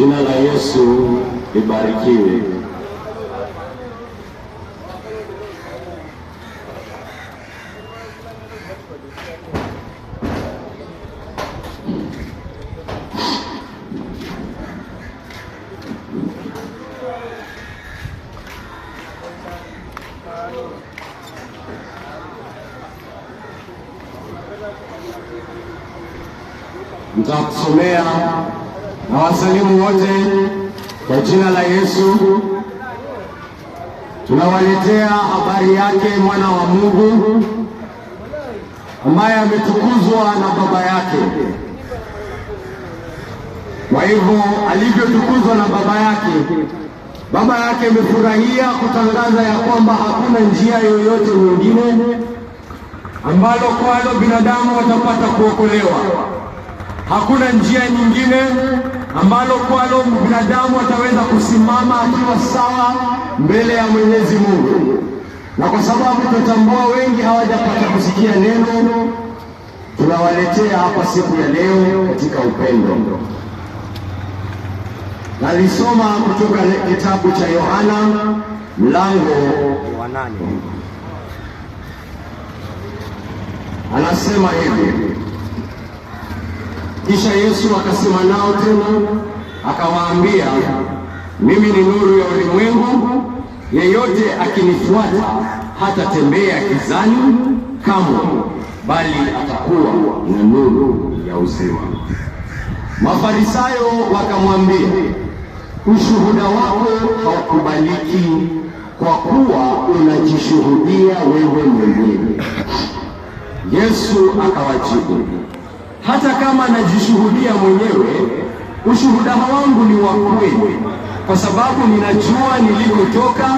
Jina la Yesu libarikiwe. Nitakusomea na wasalimu wote kwa jina la Yesu. Tunawaletea habari yake mwana wa Mungu ambaye ametukuzwa na baba yake. Kwa hivyo alivyotukuzwa na baba yake, baba yake amefurahia kutangaza ya kwamba hakuna njia yoyote nyingine ambalo kwalo binadamu watapata kuokolewa. Hakuna njia nyingine ambalo kwalo binadamu ataweza kusimama akiwa sawa mbele ya Mwenyezi Mungu, na kwa sababu tutambua wengi hawajapata kusikia neno, tunawaletea hapa siku ya leo katika upendo. Nalisoma kutoka kitabu cha Yohana mlango wa nane, anasema hivi kisha Yesu akasema nao tena akawaambia, mimi ni nuru ya ulimwengu, yeyote akinifuata hatatembea gizani kamwe, bali atakuwa na nuru ya uzima. Mafarisayo wakamwambia, ushuhuda wako haukubaliki, kwa kuwa unajishuhudia wewe mwenyewe. Yesu akawajibu hata kama najishuhudia mwenyewe, ushuhuda wangu ni wa kweli, kwa sababu ninajua nilikotoka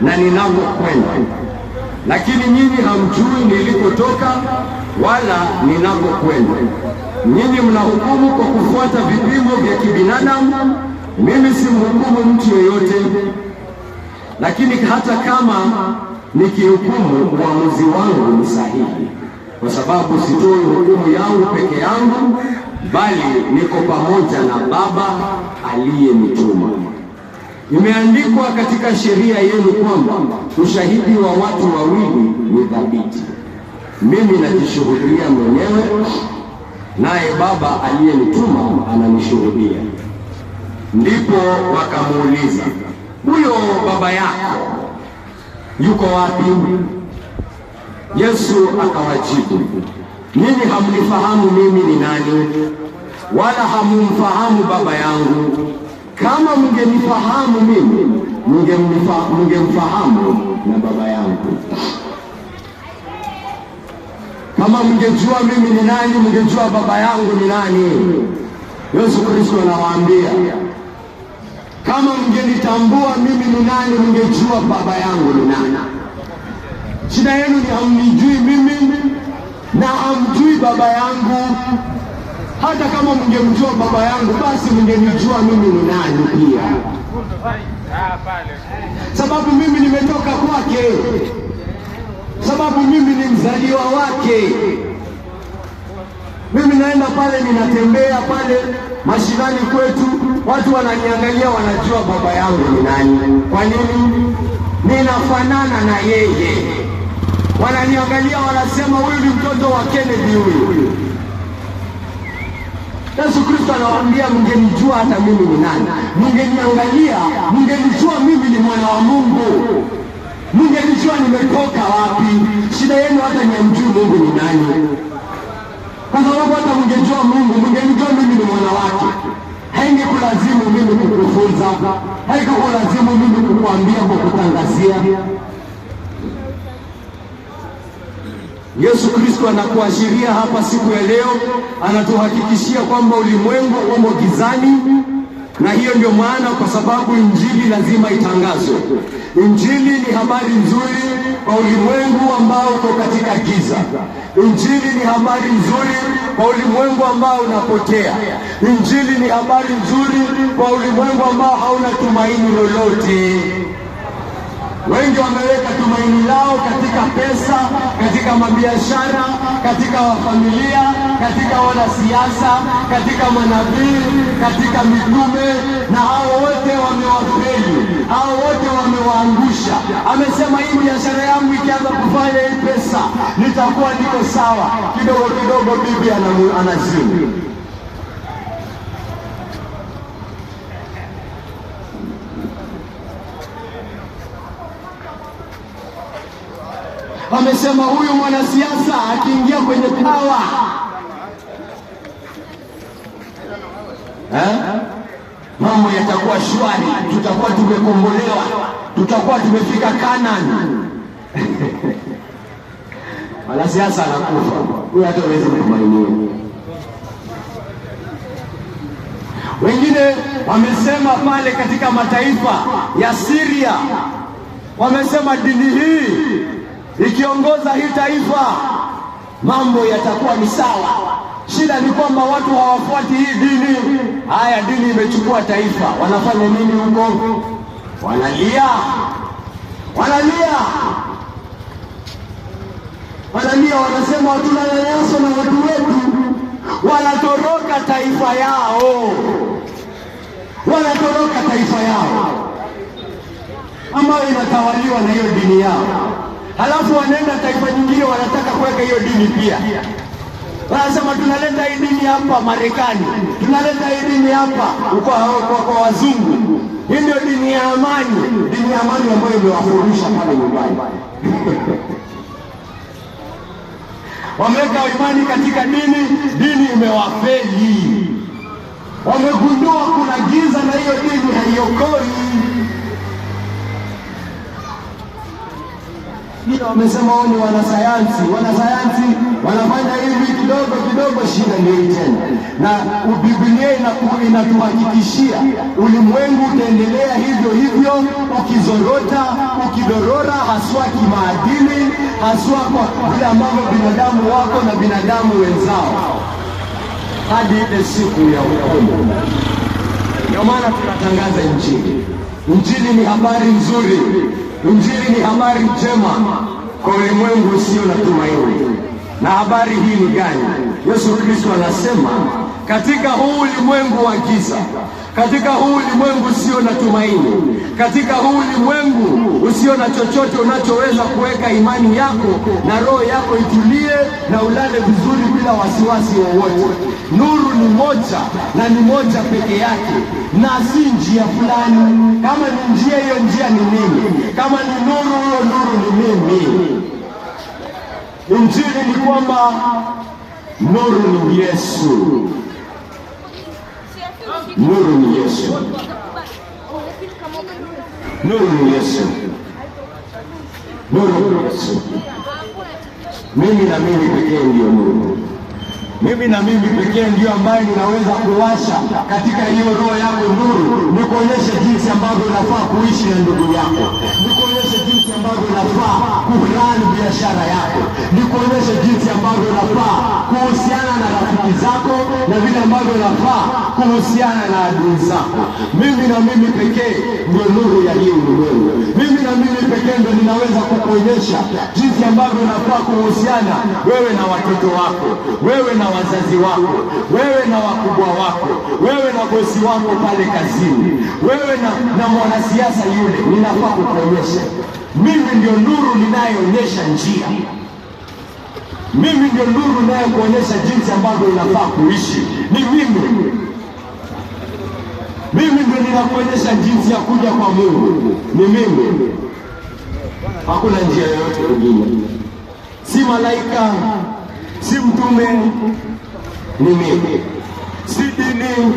na ninakokwenda. Lakini nyinyi hamjui nilikotoka wala ninakokwenda. Nyinyi mnahukumu kwa kufuata vipimo vya kibinadamu. Mimi simhukumu mtu yoyote, lakini hata kama nikihukumu, uamuzi wangu ni sahihi kwa sababu sitoi hukumu yangu peke yangu, bali niko pamoja na Baba aliyenituma. Imeandikwa katika sheria yenu kwamba ushahidi wa watu wawili ni thabiti. Mimi najishuhudia mwenyewe, naye Baba aliyenituma ananishuhudia. Ndipo wakamuuliza, huyo baba yako yuko wapi? Yesu akawajibu, ninyi hamnifahamu mimi ni nani, wala hamumfahamu Baba yangu. Kama mngenifahamu mimi, mngemfahamu na Baba yangu. Kama mngejua mimi ni nani, mngejua Baba yangu ni nani. Yesu Kristo anawaambia kama mngenitambua mimi ni nani, mngejua Baba yangu ni nani. Shida yenu ni hamnijui mimi na hamjui baba yangu. Hata kama mngemjua baba yangu, basi mngenijua mimi ni nani pia, sababu mimi nimetoka kwake, sababu mimi ni mzaliwa wake. Mimi naenda pale, ninatembea pale mashinani kwetu, watu wananiangalia, wanajua baba yangu ni nani. Kwa nini? Ninafanana na yeye wananiangalia wanasema, huyu ni mtoto wa Kennedy huyu. Yesu Kristo anawaambia mngenijua hata mimi ni nani, mngeniangalia, mngenijua mimi ni mwana wa Mungu, mngenijua nimetoka wapi. Shida yenu hata ni mjui Mungu ni nani, kwa sababu hata mngejua Mungu, mngenijua mimi ni mwana wake. Haingekulazimu mimi kukufunza, haikakulazimu mimi kukuambia, kutangazia. Yesu Kristo anakuashiria hapa siku ya leo, anatuhakikishia kwamba ulimwengu umo gizani, na hiyo ndio maana, kwa sababu injili lazima itangazwe. Injili ni habari nzuri kwa ulimwengu ambao uko katika giza. Injili ni habari nzuri kwa ulimwengu ambao unapotea. Injili ni habari nzuri kwa ulimwengu ambao hauna tumaini lolote. Wengi wameweka tumaini lao katika pesa, katika mabiashara, katika wafamilia, katika wanasiasa, katika manabii, katika mitume, na hao wote wamewafeli, hao wote wamewaangusha. Amesema hii biashara yangu ikianza kufanya hii pesa nitakuwa niko sawa. Kidogo kidogo bibi anazimu wamesema huyu mwanasiasa akiingia kwenye tawa eh? mambo yatakuwa shwari, tutakuwa tumekombolewa, tutakuwa tumefika kanan Mwanasiasa anakufa huyu, hata wezi kumainia. Wengine wamesema pale katika mataifa ya siria wamesema dini hii ikiongoza hii taifa mambo yatakuwa ni sawa. Shida ni kwamba watu hawafuati hii dini. Haya, dini imechukua taifa, wanafanya nini huko? Wanalia, wanalia, wanalia, wanasema tunanyanyaswa na watu wetu, wanatoroka taifa yao, wanatoroka taifa yao ambayo inatawaliwa na hiyo dini yao halafu wanaenda taifa nyingine wanataka kuweka hiyo dini pia. Wanasema tunaleta hii dini hapa Marekani, tunaleta hii dini hapa kwa, kwa, kwa wazungu. Hii ndio dini ya amani, dini ya amani ambayo imewafurusha pale nyumbani wameweka imani katika dini, dini imewafeli. Wamegundua kuna giza na hiyo dini haiokoi. Pia wamesema wao ni wanasayansi, wanasayansi wanafanya hivi kidogo kidogo, shida ndio tena. Na Biblia inatuhakikishia ulimwengu utaendelea hivyo hivyo, ukizorota, ukidorora, haswa kimaadili, haswa kwa vile ambavyo binadamu wako na binadamu wenzao, hadi ile siku ya hukumu. Ndio maana tunatangaza Injili. Injili ni habari nzuri. Injili ni habari njema kwa ulimwengu usio na tumaini. Na habari hii ni gani? Yesu Kristo anasema katika huu ulimwengu wa giza katika huu ulimwengu usio na tumaini, katika huu ulimwengu usio na chochote unachoweza kuweka imani yako na roho yako itulie na ulale vizuri bila wasiwasi wowote. Nuru ni moja na ni moja peke yake, na si njia fulani. Kama ni njia, hiyo njia ni mimi. Kama ni nuru, hiyo nuru ni mimi. Injili ni kwamba nuru ni Yesu. Nuru ni Yesu, nuru ni Yesu, nuru ni Yesu. Mimi na mimi pekee ndio nuru mimi na mimi pekee ndiyo ambaye ninaweza kuwasha katika hiyo roho yako nuru, nikuonyeshe jinsi ambavyo unafaa kuishi na ndugu yako, nikuonyeshe jinsi ambavyo unafaa kurani biashara yako, nikuonyeshe jinsi ambavyo unafaa kuhusiana na rafiki zako na vile ambavyo unafaa kuhusiana na adui zako. Mimi na mimi pekee ndio nuru ya hii ulimwengu. Mimi na mimi pekee inaweza kukuonyesha jinsi ambavyo unafaa kuhusiana wewe na watoto wako, wewe na wazazi wako, wewe na wakubwa wako, wewe na bosi wako pale kazini, wewe na, na mwanasiasa yule, ninafaa kukuonyesha. Mimi ndio nuru ninayoonyesha njia mimi ndio nuru naye jinsi ambavyo unafaa kuishi. Ni mimi, mimi ndio ninakuonyesha jinsi ya kuja kwa Mungu. Ni mimi. Hakuna njia yoyote nyingine, si malaika, si mtume, ni mimi, si dini,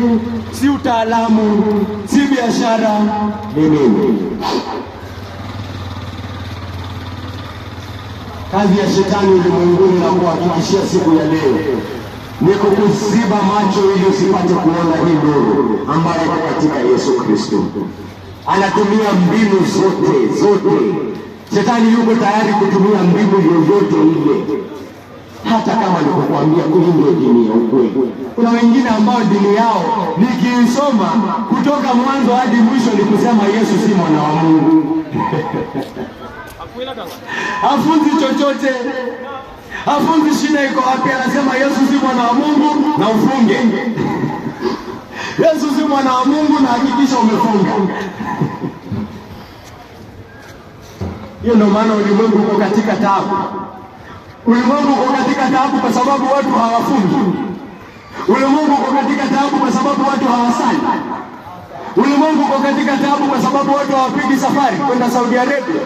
si utaalamu, si biashara, ni mimi. Kazi ya shetani ulimwenguni na kuhakikishia siku ya leo ni kukuziba macho ili usipate kuona hii nuru ambayo iko katika Yesu Kristo. Anatumia mbinu zote zote Shetani yuko tayari kutumia mbinu yoyote ile, hata kama nikukwambia kuinde dini ya ukweli. Kuna wengine ambao dini yao nikiisoma kutoka mwanzo hadi mwisho ni kusema Yesu si mwana wa Mungu hafunzi chochote, hafunzi shida iko wapi. Anasema Yesu si mwana wa Mungu na ufunge Yesu si mwana wa Mungu na hakikisha umefunga Hiyo ndio maana ulimwengu uko katika taabu. Ulimwengu uko katika taabu kwa sababu watu hawafungi. Ulimwengu uko katika taabu kwa sababu watu hawasali. Ulimwengu uko katika taabu kwa sababu watu hawapigi safari kwenda Saudi Arabia.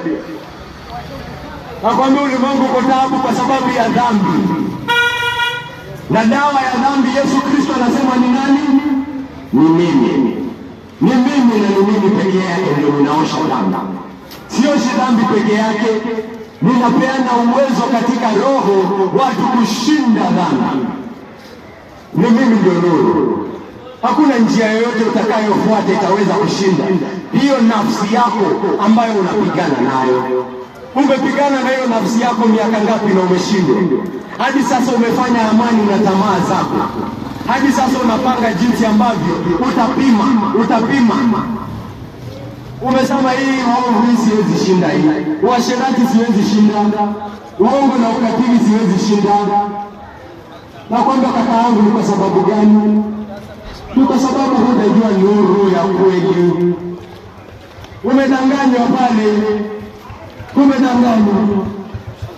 Nakwambia ulimwengu uko taabu kwa sababu ya dhambi, na dawa ya dhambi Yesu Kristo anasema ni nani? Ni mimi, ni mimi na ni mimi peke yake ndio ninaosha dhambi. Sio dhambi peke yake, ninapeana uwezo katika roho watu kushinda dhambi. Ni mimi ndio nuru. Hakuna njia yoyote utakayofuata itaweza kushinda hiyo nafsi yako ambayo unapigana nayo. Umepigana na hiyo nafsi yako miaka ngapi na umeshindwa? Hadi sasa umefanya amani na tamaa zako, hadi sasa unapanga jinsi ambavyo utapima, utapima Umesema hii maovu hii siwezi shinda, hii uasherati siwezi shinda, uongo na ukatili siwezi shinda. Na kwamba kaka yangu ni kwa sababu gani? Ni kwa sababu hutajua nuru ya kweli. Umedanganywa pale, umedanganywa,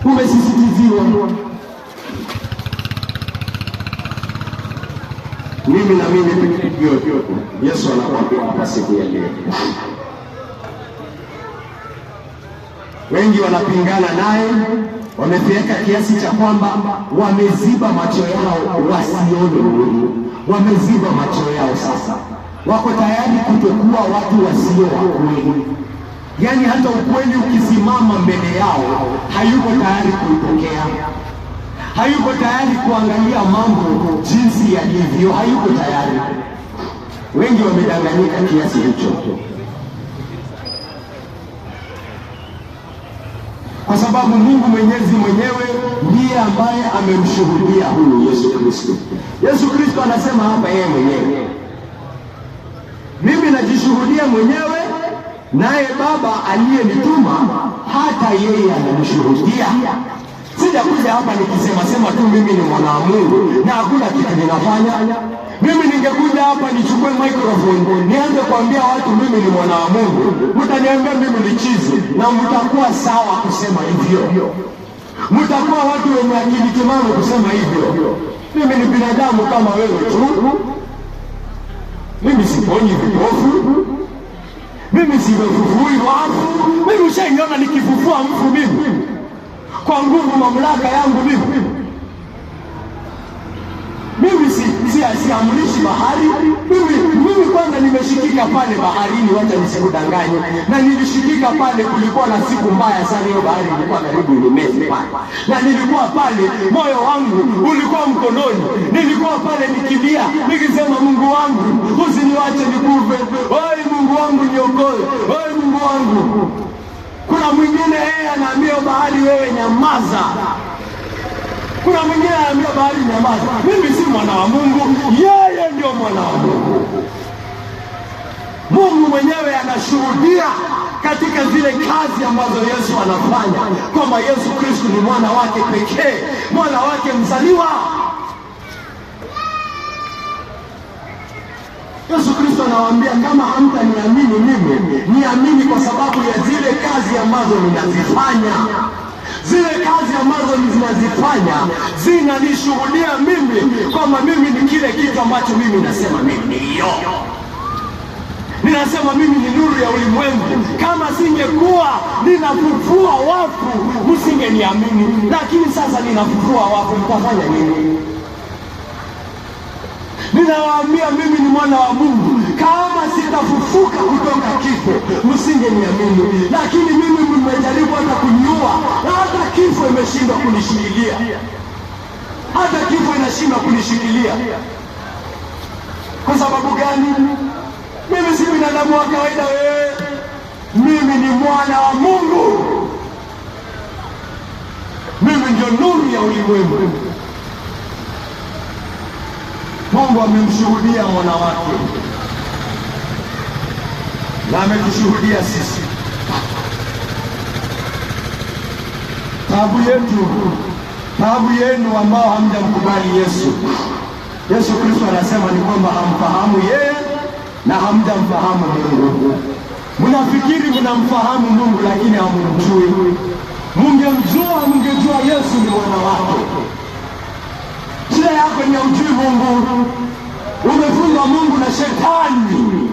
umesisitiziwa. Mimi na mimi pekee, Yesu anakuambia hapa siku ya leo wengi wanapingana naye, wamefieka kiasi cha kwamba wameziba macho yao wasione Mungu, wameziba macho yao. Sasa wako tayari kutokuwa watu wasio wa kweli, yaani hata ukweli ukisimama mbele yao hayuko tayari kuipokea, hayuko tayari kuangalia mambo jinsi yalivyo, hayuko tayari. Wengi wamedanganyika kiasi hicho. kwa sababu Mungu Mwenyezi mwenyewe ndiye ambaye amemshuhudia huyu Yesu Kristo. Yesu Kristo anasema hapa yeye mwenyewe, mimi najishuhudia mwenyewe, naye Baba aliyenituma hata yeye anamshuhudia. Sija kuja hapa nikisema sema tu mimi ni mungu na hakuna kitu ninafanya. Mimi ningekuja hapa nichukue microphone nianze kuambia watu mimi ni mungu mtaniambia mimi ni chizi, na mtakuwa sawa kusema hivyo. Mtakuwa watu wenye akili timamu kusema hivyo. Mimi ni binadamu kama wewe tu. Mimi siponyi vipofu, mimi sivufui wafu. Mimi ushaiona nikifufua mfu mimi kwa nguvu mamlaka yangu mimi. Mimi siamrishi bahari mimi, mimi kwanza nimeshikika pale baharini, wacha nisikudanganye, na nilishikika pale, kulikuwa na siku mbaya sana. Hiyo bahari ilikuwa karibu nimeze pale, na nilikuwa pale, moyo wangu ulikuwa mkononi, nilikuwa pale nikilia, nikisema Mungu wangu usiniwache nikufe, oi Mungu wangu niokoe, oi Mungu wangu kuna mwingine yeye anaambia bahari, wewe nyamaza. Kuna mwingine anaambia bahari, nyamaza. Mimi si mwana wa Mungu, yeye ndio mwana wa Mungu. Mungu mwenyewe anashuhudia katika zile kazi ambazo Yesu anafanya kwamba Yesu Kristo ni mwana wake pekee, mwana wake mzaliwa Yesu Kristo anawaambia kama hamtaniamini mimi, niamini kwa sababu ya zile kazi ambazo ninazifanya. Zile kazi ambazo ninazifanya zinanishuhudia mimi kwamba mimi ni kile kitu ambacho mimi nasema mimi hiyo, ninasema mimi ni nuru ya ulimwengu. Kama singekuwa ninafufua wafu, msingeniamini, lakini sasa ninafufua wafu, mtafanya nini? Ninawaambia mimi ni mwana wa Mungu, kama sitafufuka kutoka kifo msingeniamini. Lakini mimi mmejaribu hata kunyua hata kifo imeshindwa kunishikilia, hata kifo inashindwa kunishikilia. Kwa sababu gani? Mimi si binadamu wa kawaida wewe, mimi ni mwana wa Mungu, mimi ndio nuru ya ulimwengu. Mungu amemshuhudia mwana wake na ametushuhudia sisi. Taabu yetu, taabu yenu ambao hamjamkubali Yesu. Yesu Kristo anasema ni kwamba hamfahamu yeye na hamjamfahamu Mungu. Mnafikiri mnamfahamu Mungu, lakini hamumjui. Mungemjua, mungejua Yesu ni mwana wake umetembea kwenye utii Mungu, umefunga Mungu na shetani.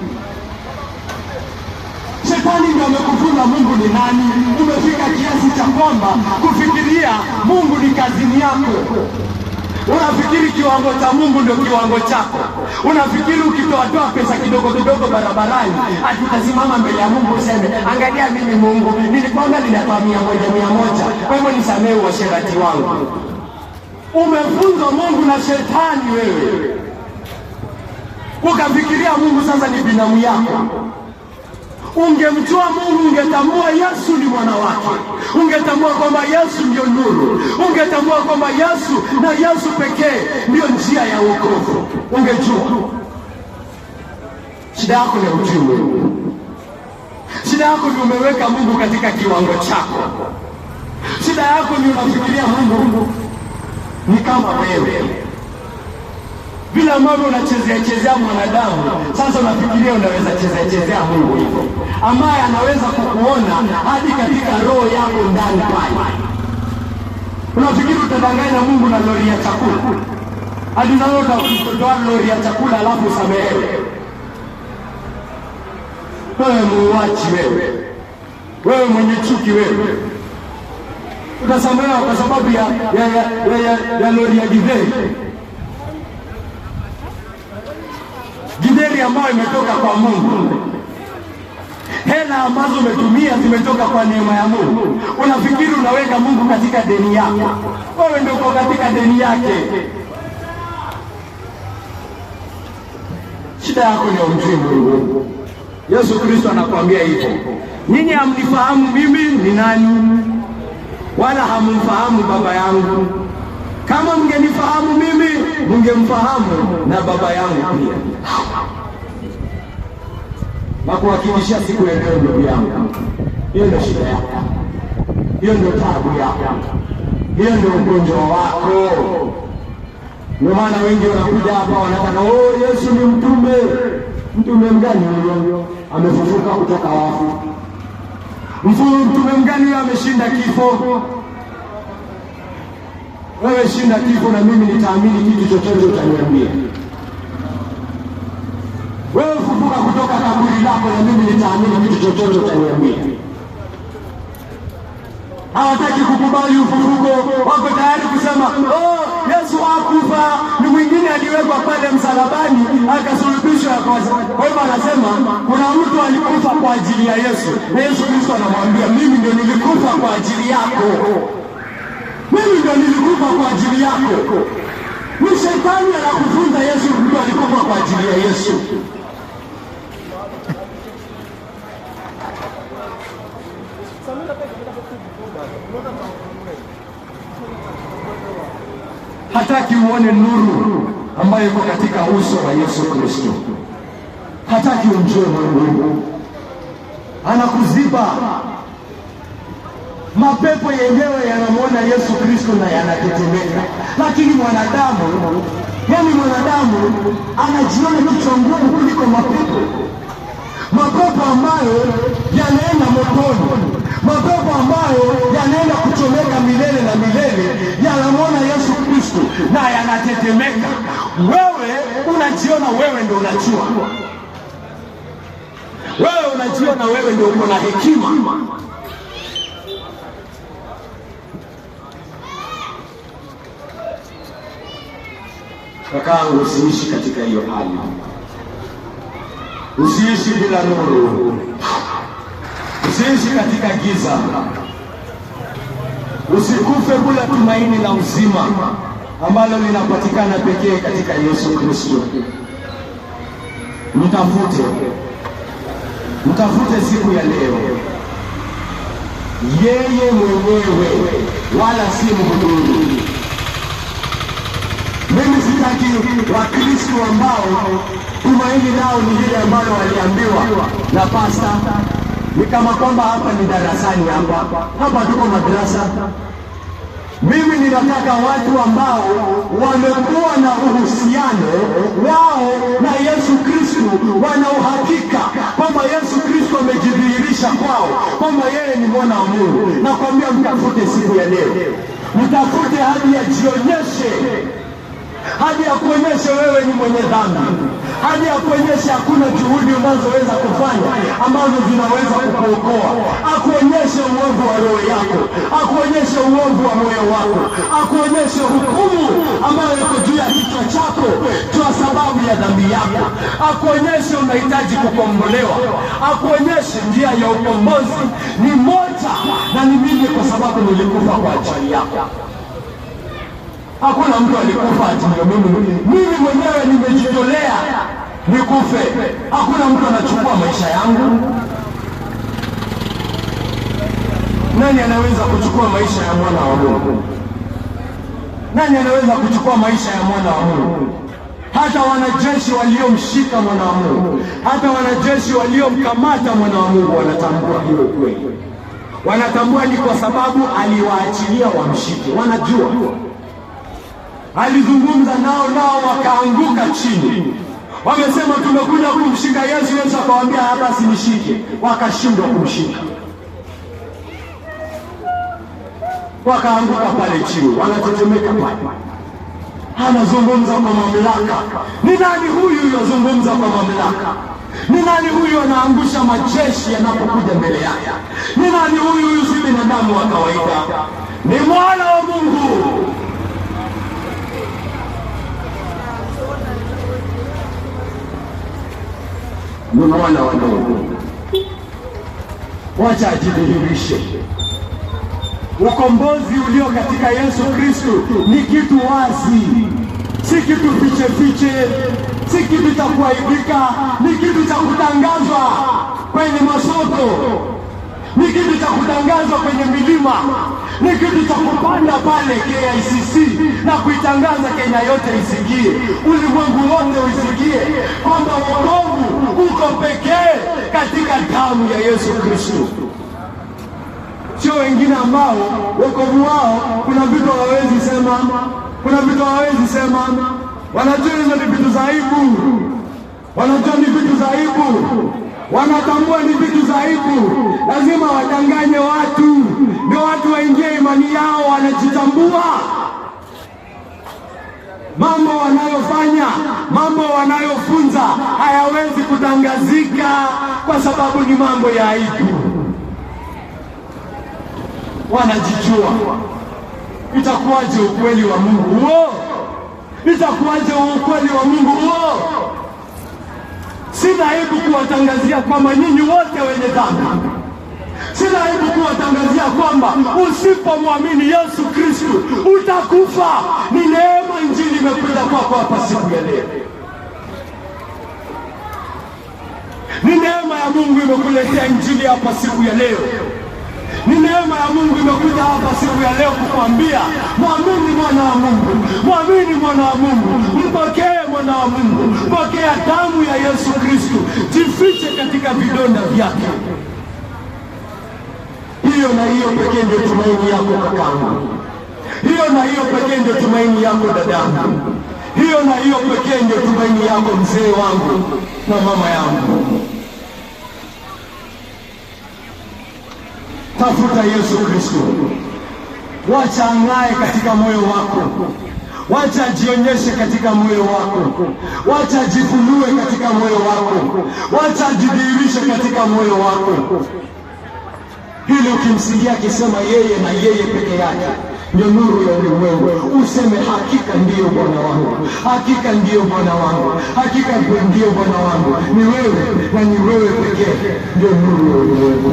Shetani ndio amekufunga Mungu ni nani. Umefika kiasi cha kwamba kufikiria Mungu ni kazini yako. Unafikiri kiwango cha Mungu ndio kiwango chako. Unafikiri ukitoatoa pesa kidogo kidogo barabarani ati mbele ya Mungu useme, angalia mimi Mungu nilikwanga ninatoa mia moja mia moja, kwa hivyo nisamehe uasherati wangu. Umefunzwa Mungu na shetani wewe, ukafikiria Mungu sasa ni binamu yako. Ungemjua Mungu, ungetambua Yesu ni mwana wake, ungetambua kwamba Yesu ndiyo nuru, ungetambua kwamba Yesu na Yesu pekee ndiyo njia ya wokovu. Ungejua shida yako ni utii shida yako ni umeweka Mungu katika kiwango chako, shida yako ni unafikiria Mungu ni kama wewe vile ambavyo unachezea chezea mwanadamu, sasa unafikiria unaweza chezea chezea Mungu hivyo, ambaye anaweza kukuona hadi katika roho yako ndani pale. Unafikiri utadanganya Mungu na lori ya chakula hadi nawe utaondoa lori ya chakula alafu usamehewe? Wewe muuachi, wewe wewe mwenye chuki, wewe utasamehewa kwa sababu ya, ya, ya, ya, ya, ya lori ya gidheri gidheri ambayo imetoka kwa Mungu hela ambazo umetumia zimetoka kwa neema ya Mungu. Unafikiri unaweka Mungu katika deni yako? Wewe ndio uko katika deni yake. Shida yako ni umjui Mungu. Yesu Kristo anakuambia hivyo, nyinyi hamnifahamu mimi ni nani wala hamumfahamu baba yangu. Kama mngenifahamu mimi, mngemfahamu na baba yangu pia. Nakuhakikishia siku ya leo, ndugu yangu, hiyo ndio shida yako, hiyo ndio taabu yako, hiyo ndio ugonjwa wako. Ndio maana wengi wanakuja hapa wanataka, oh, Yesu ni mtume. Mtume mgani huyo? Amefufuka kutoka wafu. Mzuri, Mtume mgani ameshinda kifo? Wewe shinda kifo na mimi nitaamini kitu chochote utaniambia. Wewe fufuka kutoka kaburi lako na mimi nitaamini kitu chochote utaniambia hawataki kukubali ufufuko, wako tayari kusema oh, Yesu akufa, ni mwingine aliwekwa pale msalabani akasulubishwa. Kwa hivyo anasema kuna mtu alikufa kwa ajili ya Yesu, na Yesu Kristo anamwambia mimi ndio nilikufa kwa ajili yako, mimi ndio nilikufa kwa ajili yako. Ni shetani anakufunza Yesu, mtu alikufa kwa ajili ya Yesu. Hataki uone nuru ambayo iko katika uso wa Yesu Kristo. Hataki umjue Mungu, anakuziba. Mapepo yenyewe yanamwona Yesu Kristo na yanatetemeka, lakini mwanadamu yani mwanadamu anajiona kichwa ngumu kuliko mapepo, mapepo ambayo yanaenda motoni mapepo ambayo yanaenda kuchomeka milele na milele yanamwona Yesu Kristo na yanatetemeka. Wewe unajiona wewe ndio unajua, wewe unajiona wewe ndio uko na hekima kakangu usiishi katika hiyo hali, usiishi bila nuru usiishi katika giza, usikufe bila tumaini la uzima ambalo linapatikana pekee katika Yesu Kristo. Mtafute, mtafute siku ya leo yeye mwenyewe, wala si mhudumu. Mimi sitaki Wakristo ambao tumaini lao ni lile ambalo waliambiwa na pasta ni kama kwamba hapa ni darasani, hapa hapa tuko madrasa. Mimi ninataka watu ambao wamekuwa na uhusiano wao na Yesu Kristu, wana uhakika kwamba Yesu Kristu amejidhihirisha kwao kwamba yeye ni mwana wa Mungu. Nakwambia mtafute siku ya leo, mtafute hadi yajionyeshe hadi akuonyeshe wewe ni mwenye dhambi, hadi akuonyeshe hakuna juhudi unazoweza kufanya ambazo zinaweza kukuokoa, akuonyeshe uovu wa roho yako, akuonyeshe uovu wa moyo wako, akuonyeshe hukumu ambayo iko juu ya kichwa chako kwa sababu ya dhambi yako, akuonyeshe unahitaji kukombolewa, akuonyeshe njia ya ukombozi ni moja na ni mimi, kwa sababu nilikufa kwa ajili yako. Hakuna mtu alikufa ati mimi mimi mwenyewe nimejitolea nikufe. Hakuna mtu anachukua maisha yangu. Nani anaweza kuchukua maisha ya mwana wa Mungu? Nani anaweza kuchukua maisha ya mwana wa Mungu? Hata wanajeshi waliomshika mwana wa Mungu, hata wanajeshi waliomkamata mwana wa Mungu wanatambua hiyo kweli, wanatambua ni kwa sababu aliwaachilia wamshike, wanajua alizungumza nao, nao wakaanguka chini. Wamesema tumekuja kumshika Yesu. Yesu akawaambia hapa, simshike, Wakashindwa kumshika, wakaanguka pale chini, wanatetemeka pale. Anazungumza kwa mamlaka. Ni nani huyu yozungumza kwa mamlaka? Ni nani huyu anaangusha majeshi yanapokuja mbele yake? Ni nani huyu? Huyu si binadamu wa kawaida, ni mwana wa Mungu. ni mwana wa Wacha ajidhihirishe. Ukombozi ulio katika Yesu Kristo ni kitu wazi, si kitu fiche fiche, si kitu cha kuaibika, ni kitu cha kutangazwa kwenye masoko, ni kitu cha kutangazwa kwenye milima, ni kitu cha kwenda pale KICC na kuitangaza Kenya yote isikie, ulimwengu wote usikie kwamba wokovu uko pekee katika damu ya Yesu Kristo, sio wengine ambao wokovu wao kuna vitu hawawezi sema, kuna vitu hawawezi sema, wanajua hizo ni vitu za wanajua ni vitu za wanatambua ni vitu za lazima wadanganye watu ndio watu waingie imani yao, wanajitambua mambo wanayofanya, mambo wanayofunza hayawezi kutangazika kwa sababu ni mambo ya aibu. Wanajijua, itakuwaje ukweli wa Mungu huo? Itakuwaje ukweli wa Mungu huo? Sina aibu kuwatangazia kwamba nyinyi wote wenye dhambi. Sina aibu kuwatangazia kwamba usipomwamini Yesu Kristu utakufa. Ni neema, injili imekuja kwako hapa siku ya leo. Ni neema ya Mungu imekuletea injili hapa siku ya leo. Ni neema ya Mungu imekuja hapa siku ya leo kukwambia mwamini mwana wa Mungu, mwamini mwana wa Mungu, mpokee mwana wa Mungu, pokea damu ya Yesu Kristo, jifiche katika vidonda vyake. Hiyo na hiyo pekee ndio tumaini yako kakangu, hiyo na hiyo pekee ndio tumaini yako dadangu, hiyo na hiyo pekee ndio tumaini yako mzee wangu na mama yangu. tafuta Yesu Kristo, wacha ang'ae katika moyo wako, wacha ajionyeshe katika moyo wako, wacha ajifunue katika moyo wako, wacha ajidhihirishe katika moyo wako. Hili ukimsikia akisema yeye na yeye peke yake ndio nuru ya ulimwengu, useme hakika ndiyo Bwana wangu, hakika ndiyo Bwana wangu, hakika ndiyo Bwana wangu, ni wewe na ni wewe pekee ndio nuru ya ulimwengu.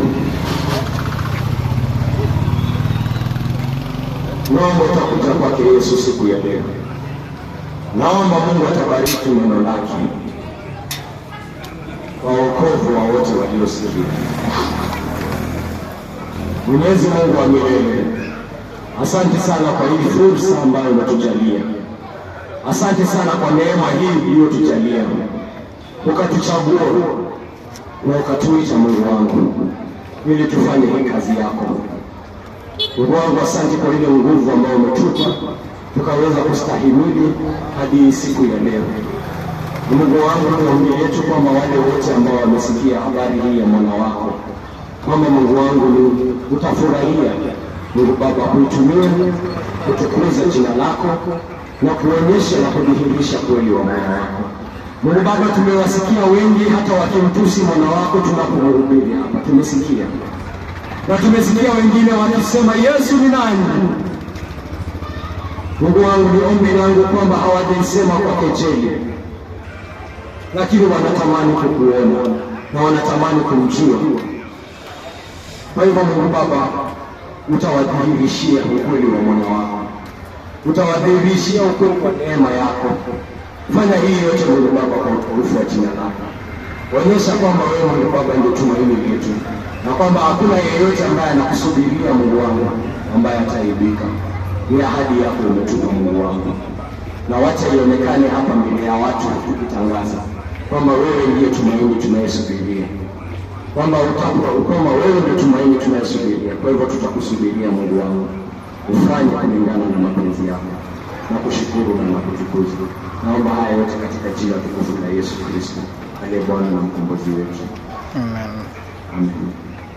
Naomba utakuja kwake Yesu siku ya leo. Naomba Mungu atabariki neno lake kwa wokovu wa wote waliosikia. Mwenyezi Mungu wa milele, asante sana kwa hii fursa ambayo unatujalia. Asante sana kwa neema hii uliyotujalia, ukatuchagua na ukatuita, Mungu wangu, ili tufanye hii kazi yako Mungu wangu, asante kwa ile nguvu ambayo umetupa tukaweza kustahimili hadi siku ya leo. Mungu wangu, tuombee yetu kwamba wale wote ambao wamesikia habari hii ya mwana wako, kwamba Mungu wangu utafurahia, Mungu Baba, kuitumia kutukuza jina lako na kuonyesha na kudhihirisha kweli wa mwana wako. Mungu Baba, tumewasikia wengi hata wakimtusi mwana wako tunapohubiri hapa, tumesikia na tumesikia wengine wakisema Yesu ni nani? Ndugu wangu, ni ombi langu kwamba hawajaisema kwa kejeli, lakini wanatamani kukuona na wanatamani kumjua. Kwa hivyo, Mungu Baba, utawadhihirishia ukweli wa mwana wako, utawadhihirishia ukweli kwa neema yako. Fanya hii yote Mungu Baba kwa utukufu wa jina lako, Onyesha kwamba wewe Mungu Baba ndio tumaini letu na kwamba hakuna yeyote ambaye anakusubiria Mungu wangu ambaye ataibika Ni ahadi yako umetupa Mungu wangu, na wacha ionekane hapa mbele ya watu tukitangaza kwamba wewe ndiye tumaini tunayesubiria, kwamba ukoma, wewe ndiye tumaini tunayesubiria. Kwa hivyo tutakusubiria Mungu wangu, ufanye kulingana na mapenzi yako na kushukuru na nakutukuza. Naomba haya yote katika jina tukufu la Yesu Kristo aliye Bwana na mkombozi wetu, amen, amen.